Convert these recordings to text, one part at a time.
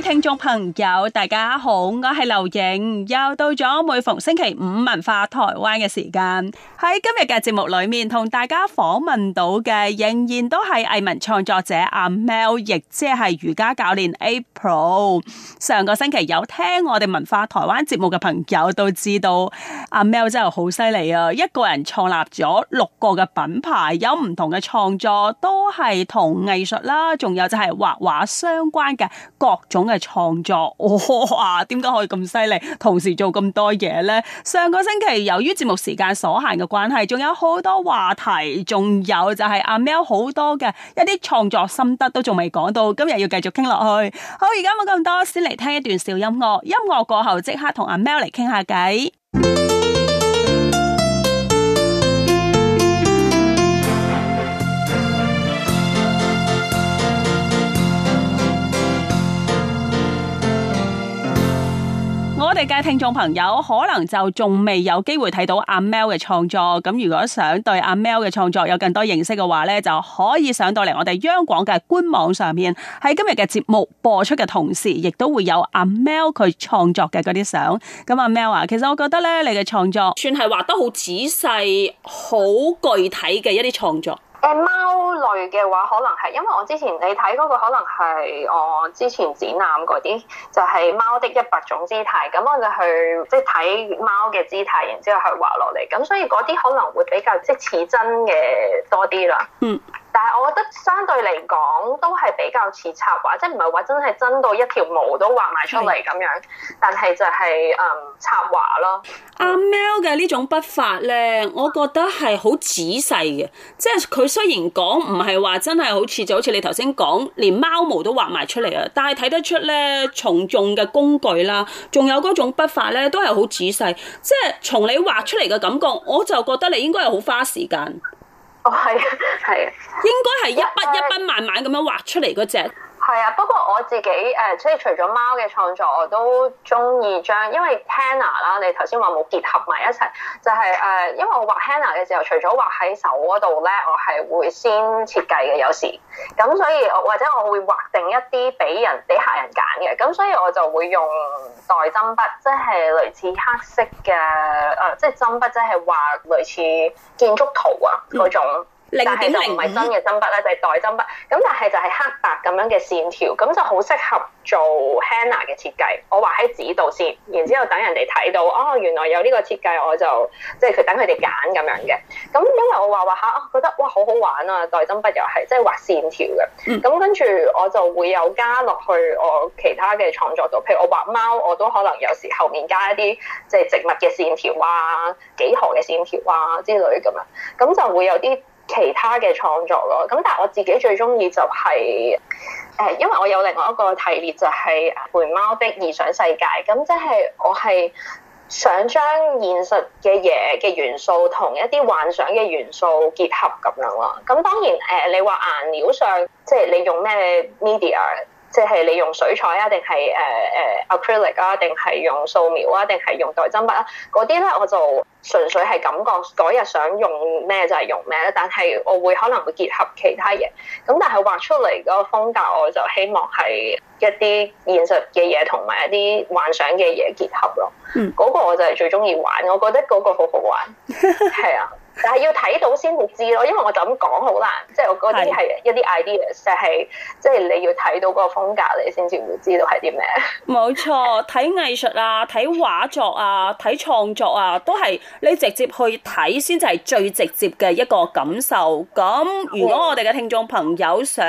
聽眾朋友，大家好，我係劉影，又到咗每逢星期五文化台灣嘅時間。喺今日嘅節目裏面，同大家訪問到嘅仍然都係藝文創作者阿 Mel，亦即係瑜伽教練 April。上個星期有聽我哋文化台灣節目嘅朋友都知道，阿 Mel 真係好犀利啊！一個人創立咗六個嘅品牌，有唔同嘅創作，都係同藝術啦，仲有就係畫畫相關嘅各種。係創作，哇！點解可以咁犀利，同時做咁多嘢呢？上個星期由於節目時間所限嘅關係，仲有好多話題，仲有就係阿 Mel 好多嘅一啲創作心得都仲未講到，今日要繼續傾落去。好，而家冇咁多，先嚟聽一段小音樂。音樂過後即刻同阿 Mel 嚟傾下偈。世界聽眾朋友可能就仲未有機會睇到阿 Mel 嘅創作，咁如果想對阿 Mel 嘅創作有更多認識嘅話咧，就可以上到嚟我哋央廣嘅官網上面。喺今日嘅節目播出嘅同時，亦都會有阿 Mel 佢創作嘅嗰啲相。咁阿 Mel 啊，其實我覺得咧，你嘅創作算係畫得好仔細、好具體嘅一啲創作。誒，貓類嘅話，可能係因為我之前你睇嗰個，可能係我之前展覽嗰啲，就係貓的一百種姿態，咁我就去即係睇貓嘅姿態，然之後去畫落嚟，咁所以嗰啲可能會比較即似真嘅多啲啦。嗯。但係我覺得相對嚟講都係比較似插畫，即係唔係話真係真到一條毛都畫埋出嚟咁樣。係呀。但係就係、是、嗯、呃、插畫咯。阿 Mel 嘅呢種筆法咧，我覺得係好仔細嘅。即係佢雖然講唔係話真係好似就好似你頭先講，連貓毛都畫埋出嚟啊。但係睇得出咧，從用嘅工具啦，仲有嗰種筆法咧，都係好仔細。即係從你畫出嚟嘅感覺，我就覺得你應該係好花時間。哦，係啊，係啊，應該係一筆一筆慢慢咁樣畫出嚟嗰隻。係啊，不過我自己誒、呃，即係除咗貓嘅創作，我都中意將，因為 henna 啦，你頭先話冇結合埋一齊，就係、是、誒、呃，因為我畫 henna 嘅時候，除咗畫喺手嗰度咧，我係會先設計嘅有時，咁所以或者我會畫定一啲俾人俾客人揀嘅，咁所以我就會用代針筆，即係類似黑色嘅誒、呃，即係針筆，即係畫類似建築圖啊嗰種。但係就唔係真嘅針筆咧，就係代針筆。咁但係就係黑白咁樣嘅線條，咁就好適合做 henna 嘅設計。我畫喺紙度先，然之後等人哋睇到，哦，原來有呢個設計，我就即係等佢哋揀咁樣嘅。咁因為我畫畫下，覺得哇好好玩啊！代針筆又係即係畫線條嘅。咁跟住我就會有加落去我其他嘅創作度，譬如我畫貓，我都可能有時候後面加一啲即係植物嘅線條啊、幾何嘅線條啊之類咁樣，咁就會有啲。其他嘅創作咯，咁但係我自己最中意就係、是、誒、呃，因為我有另外一個系列就係、是《回貓的異想世界》嗯，咁即係我係想將現實嘅嘢嘅元素同一啲幻想嘅元素結合咁樣咯。咁、嗯、當然誒、呃，你話顏料上即係你用咩 media，即係你用水彩啊，定係誒誒 acrylic 啊，定係用素描啊，定係用代針筆啊，嗰啲咧我就。純粹係感覺嗰日想用咩就係用咩，但係我會可能會結合其他嘢，咁但係畫出嚟嗰個風格，我就希望係一啲現實嘅嘢同埋一啲幻想嘅嘢結合咯。嗯，嗰個我就係最鍾意玩，我覺得嗰個好好玩。係啊。 但係要睇到先至知咯，因為我就咁講好難，是即係我嗰啲係一啲 ideas，就係即係你要睇到個風格，你先至會知道係啲咩，冇錯，睇藝術啊，睇畫作啊，睇創作啊，都係你直接去睇先至係最直接嘅一個感受。咁如果我哋嘅聽眾朋友想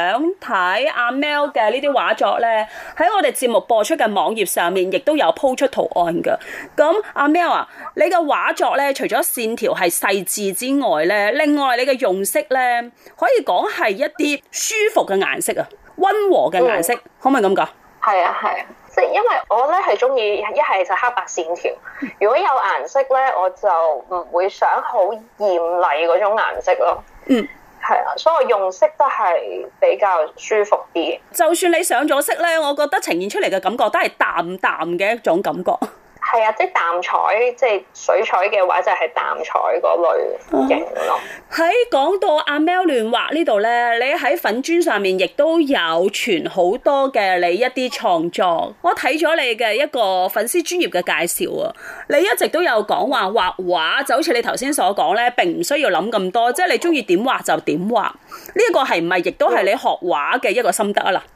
睇阿 Mel 嘅呢啲畫作咧，喺我哋節目播出嘅網頁上面，亦都有鋪出圖案嘅。咁阿 Mel 啊，你嘅畫作咧，除咗線條係細緻。之外咧，另外你嘅用色咧，可以講係一啲舒服嘅顏色啊，溫和嘅顏色，可唔可以咁講？係啊，係啊，即係因為我咧係中意一係就黑白線條， 如果有顏色咧，我就唔會想好豔麗嗰種顏色咯。嗯，係啊，所以我用色都係比較舒服啲。就算你上咗色咧，我覺得呈現出嚟嘅感覺都係淡淡嘅一種感覺。係啊，即係淡彩，即係水彩嘅話就係、是、淡彩嗰類型咯。喺講、嗯、到阿 Mel 亂畫呢度咧，你喺粉專上面亦都有傳好多嘅你一啲創作。我睇咗你嘅一個粉絲專業嘅介紹啊，你一直都有講話畫畫，就好似你頭先所講咧，並唔需要諗咁多，即、就、係、是、你中意點畫就點畫。呢、這個係唔係亦都係你學畫嘅一個心得啊？嗱、嗯。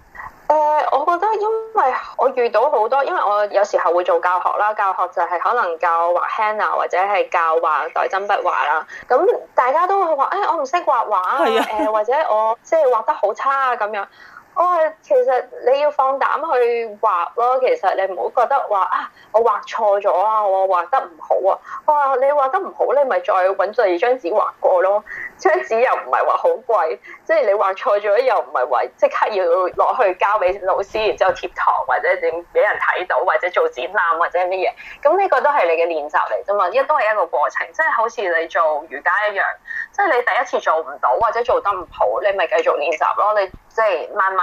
誒、呃，我覺得因為我遇到好多，因為我有時候會做教學啦，教學就係可能教畫 hand 啊，或者係教畫代針筆畫啦。咁大家都會話：誒、哎，我唔識畫畫，誒、 呃，或者我即係畫得好差啊，咁樣。哦，其實你要放膽去畫咯，其實你唔好覺得話啊，我畫錯咗啊，我畫得唔好啊，哇！你畫得唔好，你咪再揾第二張紙畫過咯。張紙又唔係話好貴，即係你畫錯咗又唔係話即刻要落去交俾老師，然之後貼堂、ok, 或者點俾人睇到，或者做展覽或者乜嘢。咁呢個都係你嘅練習嚟啫嘛，一都係一個過程。即係好似你做瑜伽一樣，即係你第一次做唔到或者做得唔好，你咪繼續練習咯。你即係慢慢。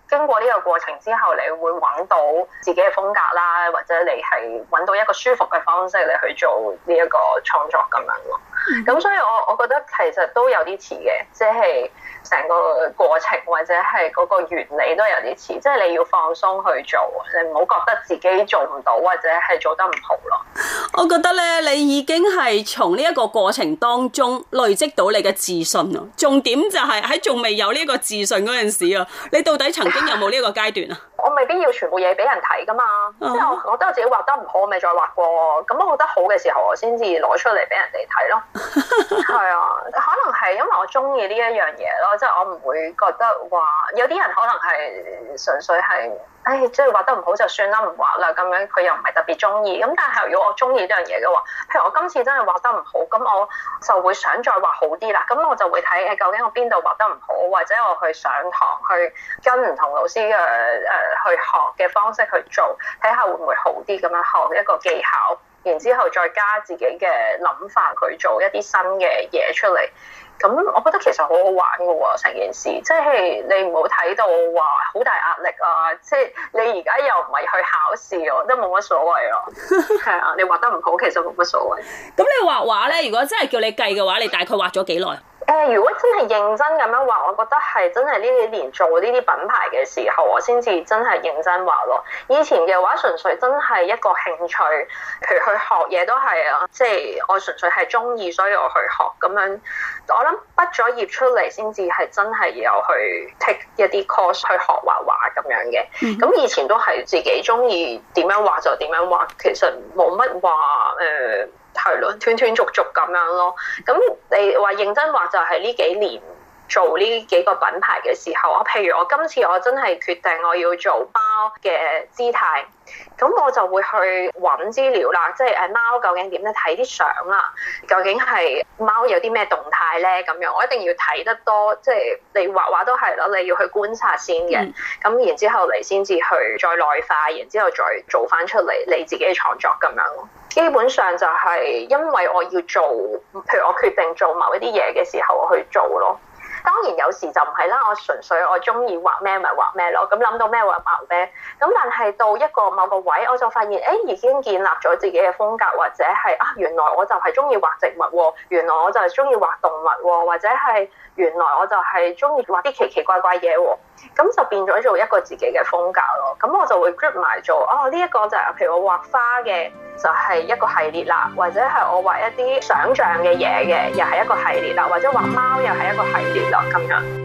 經過呢個過程之後，你會揾到自己嘅風格啦，或者你係揾到一個舒服嘅方式嚟去做呢一個創作咁樣咯。咁所以我我覺得其實都有啲似嘅，即係成個過程或者係嗰個原理都有啲似，即係你要放鬆去做，你唔好覺得自己做唔到或者係做得唔好咯。我覺得咧，你已經係從呢一個過程當中累積到你嘅自信咯。重點就係喺仲未有呢個自信嗰陣時啊，你到底曾經。有冇呢一個階段啊？我未必要全部嘢俾人睇噶嘛，即係、uh huh. 我覺得我自己畫得唔好，我咪再畫過。咁我覺得好嘅時候，我先至攞出嚟俾人哋睇咯。係 啊，可能係因為我中意呢一樣嘢咯，即係我唔會覺得話有啲人可能係純粹係，唉、哎，即係畫得唔好就算啦，唔畫啦咁樣。佢又唔係特別中意。咁但係如果我中意呢樣嘢嘅話，譬如我今次真係畫得唔好，咁我就會想再畫好啲啦。咁我就會睇、哎、究竟我邊度畫得唔好，或者我去上堂去跟唔同老師嘅誒。呃去學嘅方式去做，睇下會唔會好啲咁樣學一個技巧，然之後再加自己嘅諗法，去做一啲新嘅嘢出嚟。咁我覺得其實好好玩，噶成、哦、件事，即係你唔好睇到話好大壓力啊！即係你而家又唔係去考試、啊，都冇乜所謂咯、啊。係 啊，你畫得唔好，其實冇乜所謂。咁 你畫畫咧，如果真係叫你計嘅話，你大概畫咗幾耐？誒，如果真係認真咁樣畫，我覺得係真係呢幾年做呢啲品牌嘅時候，我先至真係認真畫咯。以前嘅話，純粹真係一個興趣，譬如去學嘢都係啊，即係我純粹係中意，所以我去學咁樣。我諗畢咗業出嚟先至係真係有去 take 一啲 course 去學畫畫咁樣嘅。咁、mm hmm. 以前都係自己中意點樣畫就點樣畫，其實冇乜話誒。呃係咯，斷斷續續咁樣咯。咁你話認真畫就係呢幾年做呢幾個品牌嘅時候啊。譬如我今次我真係決定我要做貓嘅姿態，咁我就會去揾資料啦。即係誒貓究竟點咧？睇啲相啦，究竟係貓有啲咩動態咧？咁樣我一定要睇得多。即係你畫畫都係咯，你要去觀察先嘅。咁，嗯，然之後嚟先至去再內化，然之後再做翻出嚟你自己嘅創作咁樣咯。基本上就係因為我要做，譬如我決定做某一啲嘢嘅時候，我去做咯。當然有時就唔係啦，我純粹我中意畫咩咪畫咩咯。咁諗到咩畫畫咩咁，但係到一個某個位，我就發現誒、哎、已經建立咗自己嘅風格，或者係啊原來我就係中意畫植物喎，原來我就係中意畫動物喎，或者係原來我就係中意畫啲奇奇怪怪嘢喎。咁就變咗做一個自己嘅風格咯。咁我就會 group 埋做哦，呢一個就係譬如我畫花嘅，就係一個系列啦；或者係我畫一啲想像嘅嘢嘅，又係一個系列啦；或者畫貓又係一個系列啦。咁樣。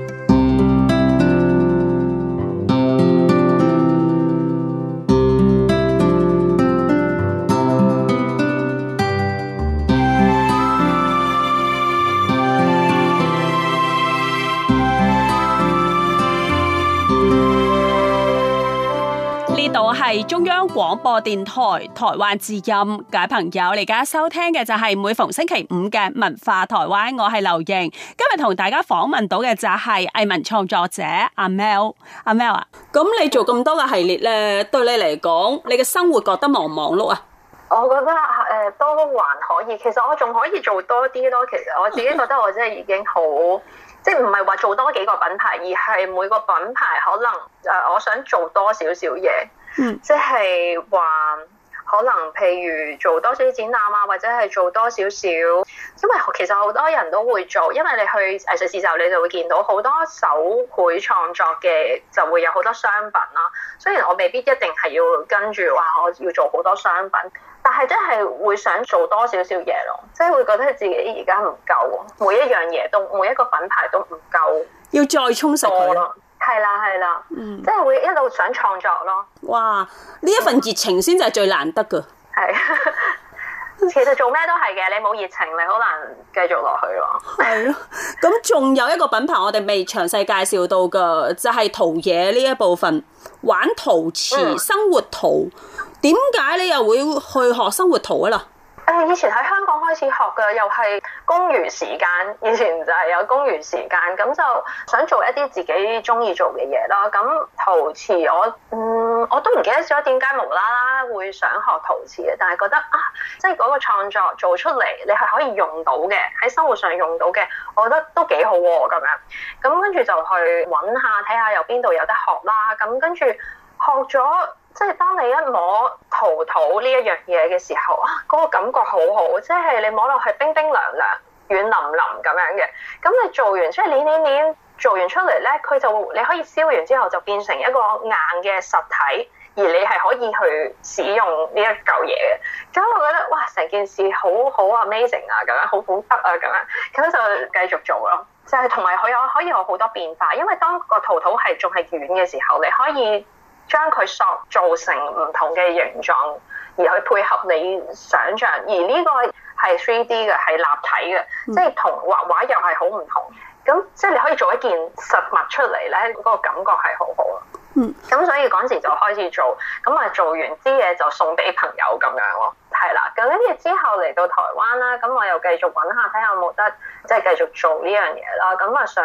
中央廣播電台台灣之音，各位朋友，你而家收聽嘅就係每逢星期五嘅文化台灣，我係劉瑩，今日同大家訪問到嘅就係藝文創作者阿 Mel，嗯，即係話可能，譬如做多少啲展覽啊，或者係做多少少，因為其實好多人都會做，因為你去藝術市集，你就會見到好多手繪創作嘅，就會有好多商品啦、啊。雖然我未必一定係要跟住話，我要做好多商品，但係真係會想做多少少嘢咯，即係會覺得自己而家唔夠，每一樣嘢都每一個品牌都唔夠，要再充實佢。係啦，係啦，即係會一路想創作咯。哇！呢一份熱情先就係最難得噶。係，其實做咩都係嘅，你冇熱情，你好難繼續落去咯。係咯，咁仲有一個品牌我哋未詳細介紹到噶，就係、是、陶冶呢一部分，玩陶瓷生活陶。點解、嗯、你又會去學生活陶啊？嗱？誒，以前喺香港開始學嘅，又係公餘時間。以前就係有公餘時間，咁就想做一啲自己鍾意做嘅嘢咯。咁陶瓷我、嗯，我嗯我都唔記得咗點解無啦啦會想學陶瓷嘅，但係覺得啊，即係嗰個創作做出嚟，你係可以用到嘅，喺生活上用到嘅，我覺得都幾好喎、啊。咁樣咁跟住就去揾下睇下有邊度有得學啦。咁跟住學咗。即係當你一摸陶土呢一樣嘢嘅時候，啊，嗰個感覺好好，即係你摸落去冰冰涼涼、軟腍腍咁樣嘅。咁你做完即係你你你做完出嚟咧，佢就你可以燒完之後就變成一個硬嘅實體，而你係可以去使用呢一嚿嘢嘅。咁我覺得哇，成件事好好 amazing 啊，咁樣好唔得啊，咁樣咁就繼續做咯。就係同埋佢有可以有好多變化，因為當個陶土係仲係軟嘅時候，你可以。將佢塑造成唔同嘅形狀，而去配合你想像，而呢個係 three D 嘅，係立體嘅，即係同畫畫又係好唔同。咁即係你可以做一件實物出嚟咧，嗰、嗰個感覺係好好咯。嗯，咁所以嗰陣時就開始做，咁啊做完啲嘢就送俾朋友咁樣咯。係啦，咁跟住之後嚟到台灣啦，咁我又繼續揾下睇下有冇得即係繼續做呢樣嘢啦。咁啊想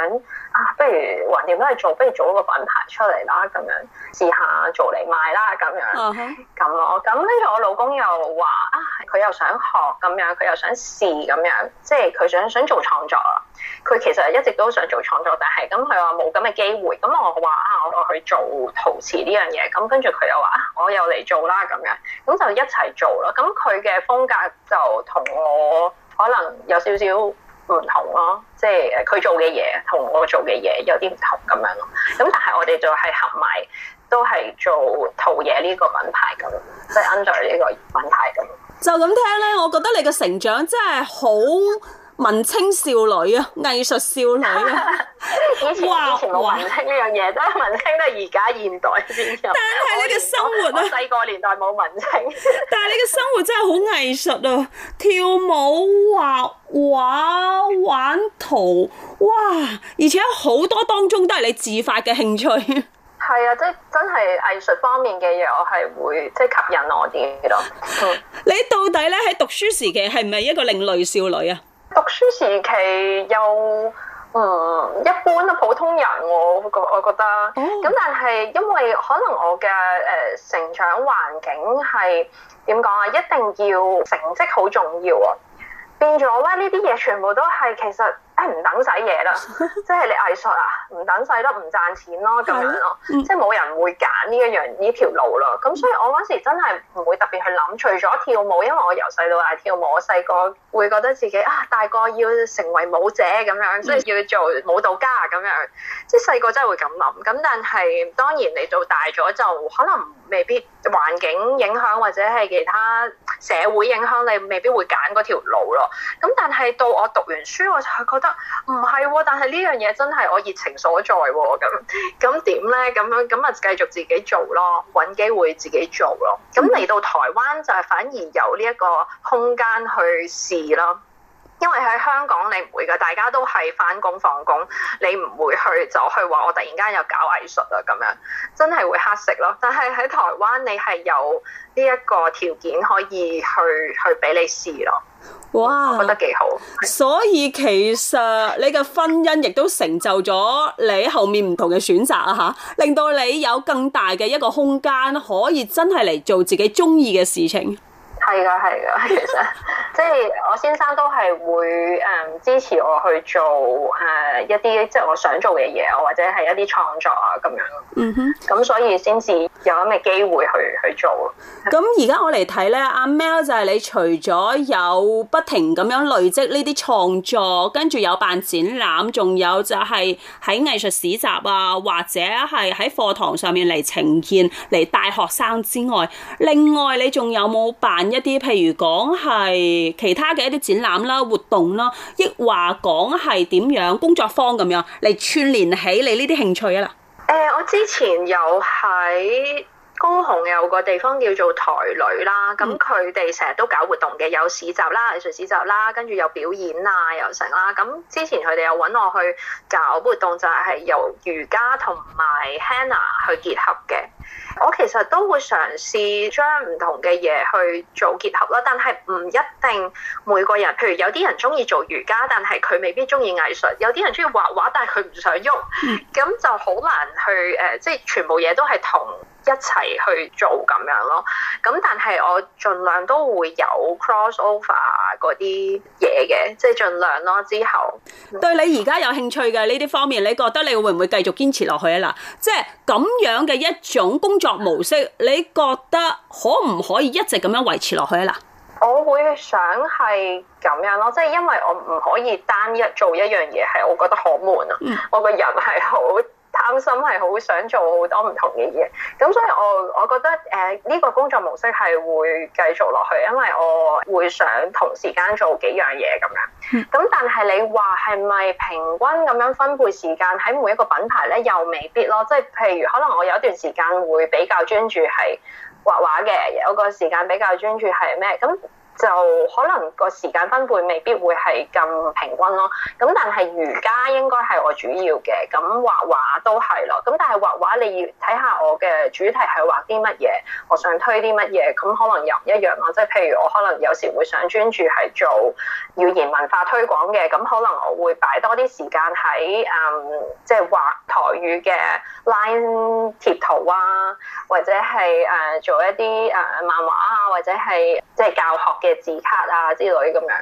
啊，不如橫掂都係做，不如做一個品牌出嚟啦，咁樣試下做嚟賣啦，咁樣咁咯。咁跟住我老公又話啊，佢又想學咁樣，佢又想試咁樣，即係佢想想做創作啦。佢其實一直都想做創作，但係咁佢話冇咁嘅機會。咁我話啊～我去做陶瓷呢樣嘢，咁跟住佢又話，我又嚟做啦咁樣，咁就一齊做咯。咁佢嘅風格就同我可能有少少唔同咯，即係佢做嘅嘢同我做嘅嘢有啲唔同咁樣咯。咁但係我哋就係合埋，都係做陶嘢呢個品牌咁，即係 under 呢個品牌咁。就咁聽咧，我覺得你嘅成長真係好。文青少女啊，藝術少女啊， 前哇！冇文青呢樣嘢，但係 文青都係而家現代先有。但係你嘅生活啊，細個年， 年代冇文青。 但係你嘅生活真係好藝術啊，跳舞、畫畫、玩圖，哇！而且好多當中都係你自發嘅興趣。係 啊，即係真係藝術方面嘅嘢，我係會即係吸引我啲咯。 你到底咧喺讀書時期係唔係一個另類少女啊？讀書時期又唔、嗯、一般嘅普通人，我覺我覺得咁，嗯、但係因為可能我嘅誒成長環境係點講啊，一定要成績好重要啊，變咗咧呢啲嘢全部都係其實。唔、嗯、 等使嘢啦，即係你藝術啊，唔等使得唔賺錢咯，咁樣咯，即係冇人會揀呢一樣呢條路咯。咁、嗯、所以我嗰時真係唔會特別去諗，除咗跳舞，因為我由細到大跳舞，我細個會覺得自己啊，大個要成為舞者咁樣，即係要做舞蹈家咁樣，即係細個真係會咁諗。咁但係當然你到大咗就可能。未必環境影響或者係其他社會影響，你未必會揀嗰條路咯。咁但係到我讀完書，我就覺得唔係、哦，但係呢樣嘢真係我熱情所在喎，哦。咁咁點咧？咁樣咁啊，繼續自己做咯，揾機會自己做咯。咁嚟到台灣就係反而有呢一個空間去試咯。因為喺香港你唔會噶，大家都係返工放工，你唔會去走去話我突然間又搞藝術啊咁樣，真係會黑食咯。但係喺台灣你係有呢一個條件可以去去俾你試咯。哇，我覺得幾好。所以其實你嘅婚姻亦都成就咗你後面唔同嘅選擇啊，吓，令到你有更大嘅一個空間，可以真係嚟做自己中意嘅事情。係噶係噶，其實即係我先生都係會誒、嗯、支持我去做誒、呃、一啲即係我想做嘅嘢，我或者係一啲創作啊咁樣。嗯哼、mm，咁、hmm. 所以先至有咁嘅機會去去做。咁而家我嚟睇咧，阿、啊、Mel 就係你除咗有不停咁樣累積呢啲創作，跟住有辦展覽，仲有就係喺藝術市集啊，或者係喺課堂上面嚟呈現嚟帶學生之外，另外你仲有冇辦一啲譬如講係其他嘅一啲展覽啦、活動啦，抑或講係點樣工作坊咁樣嚟串聯起你呢啲興趣啊啦。誒、欸，我之前有喺。高雄有個地方叫做台鋁啦，咁佢哋成日都搞活動嘅，有市集啦、藝術市集啦，跟住有表演啊、又成啦。咁之前佢哋又揾我去搞活動，就係、是、由瑜伽同埋 Hannah 去結合嘅。我其實都會嘗試將唔同嘅嘢去做結合啦，但係唔一定每個人。譬如有啲人中意做瑜伽，但係佢未必中意藝術；有啲人中意畫畫，但係佢唔想喐，咁就好難去誒，即、呃、係全部嘢都係同。一齊去做咁樣咯，咁但係我盡量都會有 cross over 嗰啲嘢嘅，即係盡量咯。之後對你而家有興趣嘅呢啲方面，你覺得你會唔會繼續堅持落去啊？嗱，即係咁樣嘅一種工作模式，你覺得可唔可以一直咁樣維持落去啊？嗱，我會想係咁樣咯，即係因為我唔可以單一做一樣嘢，係我覺得好悶啊，嗯，我個人係好。啱心係好想做好多唔同嘅嘢，咁所以我我覺得誒呢個工作模式係會繼續落去，因為我會想同時間做幾樣嘢咁樣。咁但係你話係咪平均咁樣分配時間喺每一個品牌咧，又未必咯。即係譬如可能我有一段時間會比較專注係畫畫嘅，有個時間比較專注係咩咁。就可能個時間分配未必會係咁平均咯。咁但係瑜伽應該係我主要嘅，咁畫畫都係咯。咁但係畫畫你要睇下我嘅主題係畫啲乜嘢，我想推啲乜嘢，咁可能又唔一樣咯。即係譬如我可能有時會想專注係做語言文化推廣嘅，咁可能我會擺多啲時間，喺、嗯、誒，即係畫台語嘅 line 貼圖啊，或者係誒、呃、做一啲誒、呃、漫畫啊，或者係即係教學。嘅字卡啊之類咁樣。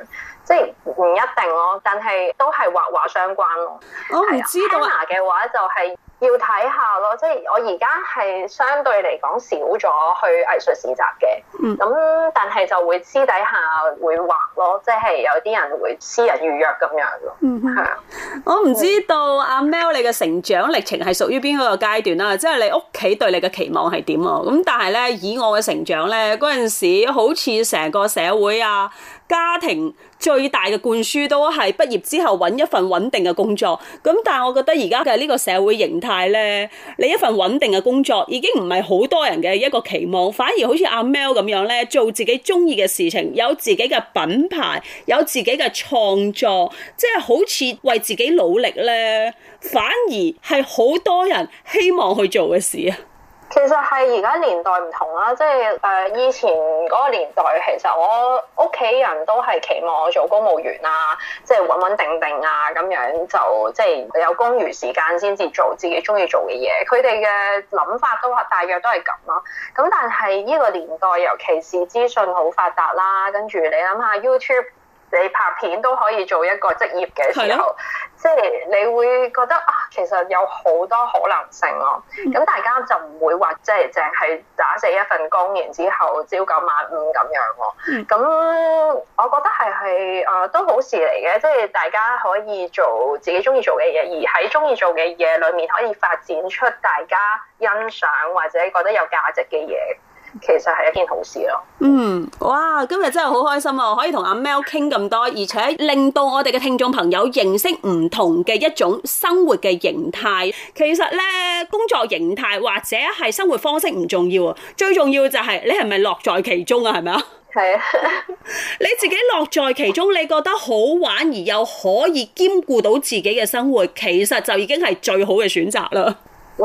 即係唔一定咯，但係都係畫畫相關咯。我唔知道。k 嘅話就係要睇下咯，即係我而家係相對嚟講少咗去藝術市集嘅。嗯，咁但係就會私底下會畫咯，即係有啲人會私人預約咁樣咯。嗯，吓吧，我唔知道、嗯、阿 Mel 你嘅成長歷程係屬於邊個階段啦，即係你屋企對你嘅期望係點啊？咁但係咧以我嘅成長咧，嗰陣時好似成個社會啊。家庭最大嘅灌輸都係畢業之後揾一份穩定嘅工作，咁但係我覺得而家嘅呢個社會形態咧，你一份穩定嘅工作已經唔係好多人嘅一個期望，反而好似阿 Mel 咁樣咧，做自己鍾意嘅事情，有自己嘅品牌，有自己嘅創作，即係好似為自己努力咧，反而係好多人希望去做嘅事啊！其實係而家年代唔同啦、啊，即係誒，以前嗰個年代，其實我屋企人都係期望我做公務員啊，即係穩穩定定啊，咁樣就即係、就是、有公餘時間先至做自己中意做嘅嘢。佢哋嘅諗法都係大約都係咁咯。咁但係呢個年代，尤其是資訊好發達啦、啊，跟住你諗下 YouTube。你拍片都可以做一個職業嘅時候，的即係你會覺得啊，其實有好多可能性咯、啊。咁、嗯、大家就唔會話即係淨係打死一份工，然之後朝九晚五咁樣喎、啊。咁、嗯、我覺得係係誒都好事嚟嘅，即係大家可以做自己中意做嘅嘢，而喺中意做嘅嘢裏面可以發展出大家欣賞或者覺得有價值嘅嘢。其實係一件好事咯。嗯，哇！今日真係好開心啊，可以同阿 Mel 傾咁多，而且令到我哋嘅聽眾朋友認識唔同嘅一種生活嘅形態。其實咧，工作形態或者係生活方式唔重要啊，最重要就係你係咪樂在其中啊？係咪啊？係啊！你自己樂在其中，你覺得好玩而又可以兼顧到自己嘅生活，其實就已經係最好嘅選擇啦。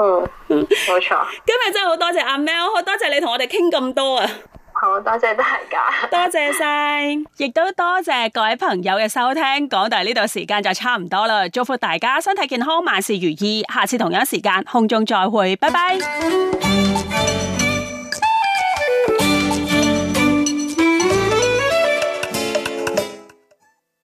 嗯，冇錯，嗯。今日真係好多謝阿 Mel，好多謝你同我哋傾咁多啊！好多謝大家，多謝晒，亦都多謝各位朋友嘅收聽。講到呢度時間就差唔多啦，祝福大家身體健康，萬事如意。下次同一時間空中再會，拜拜。